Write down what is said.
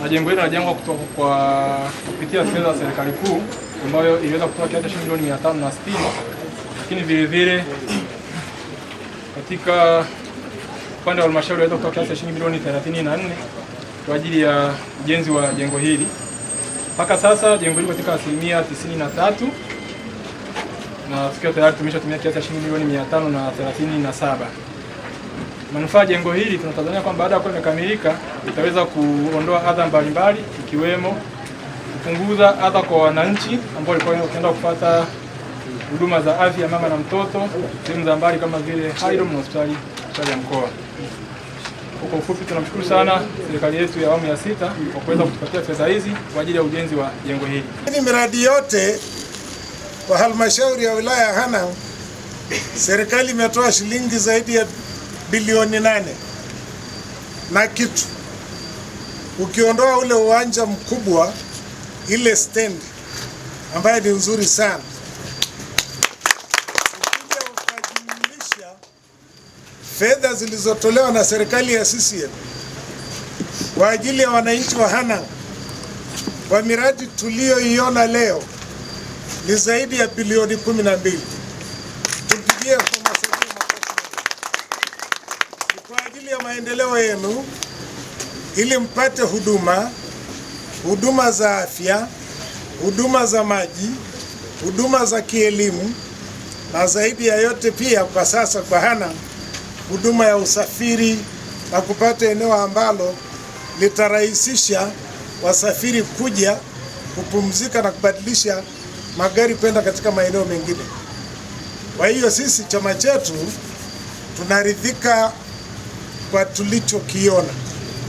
na jengo hili linajengwa kwa kupitia fedha za serikali kuu ambayo iliweza kutoa kiasi cha shilingi milioni 560, lakini vile vile katika upande wa halmashauri waweza kutoa kiasi cha shilingi milioni 34 kwa ajili ya ujenzi wa jengo hili. Mpaka sasa jengo hili katika asilimia 93 na tukiwa tayari tumeshatumia kiasi cha shilingi milioni 537. Manufaa jengo hili tunatazamia kwamba baada ya kuwa imekamilika itaweza kuondoa adha mbalimbali ikiwemo kupunguza adha kwa wananchi ambao walikuwa wakienda kupata huduma za afya mama na mtoto sehemu za mbali kama vile Haydom na hospitali ya mkoa. Kwa ufupi, tunamshukuru sana serikali yetu ya awamu ya sita kwa kuweza kutupatia fedha hizi kwa ajili ya ujenzi wa jengo hili. Ni miradi yote kwa halmashauri ya wilaya ya Hanang' serikali imetoa shilingi zaidi ya bilioni nane na kitu. Ukiondoa ule uwanja mkubwa, ile stendi ambayo ni nzuri sana, fedha zilizotolewa na serikali ya CCM kwa ajili ya wananchi wa Hanang' kwa miradi tuliyoiona leo ni zaidi ya bilioni kumi na mbili. Tupigie kwa ajili ya maendeleo yenu ili mpate huduma, huduma za afya, huduma za maji, huduma za kielimu na zaidi ya yote pia kwa sasa kwa hana huduma ya usafiri na kupata eneo ambalo litarahisisha wasafiri kuja kupumzika na kubadilisha magari kwenda katika maeneo mengine. Kwa hiyo sisi chama chetu tunaridhika kwa tulichokiona.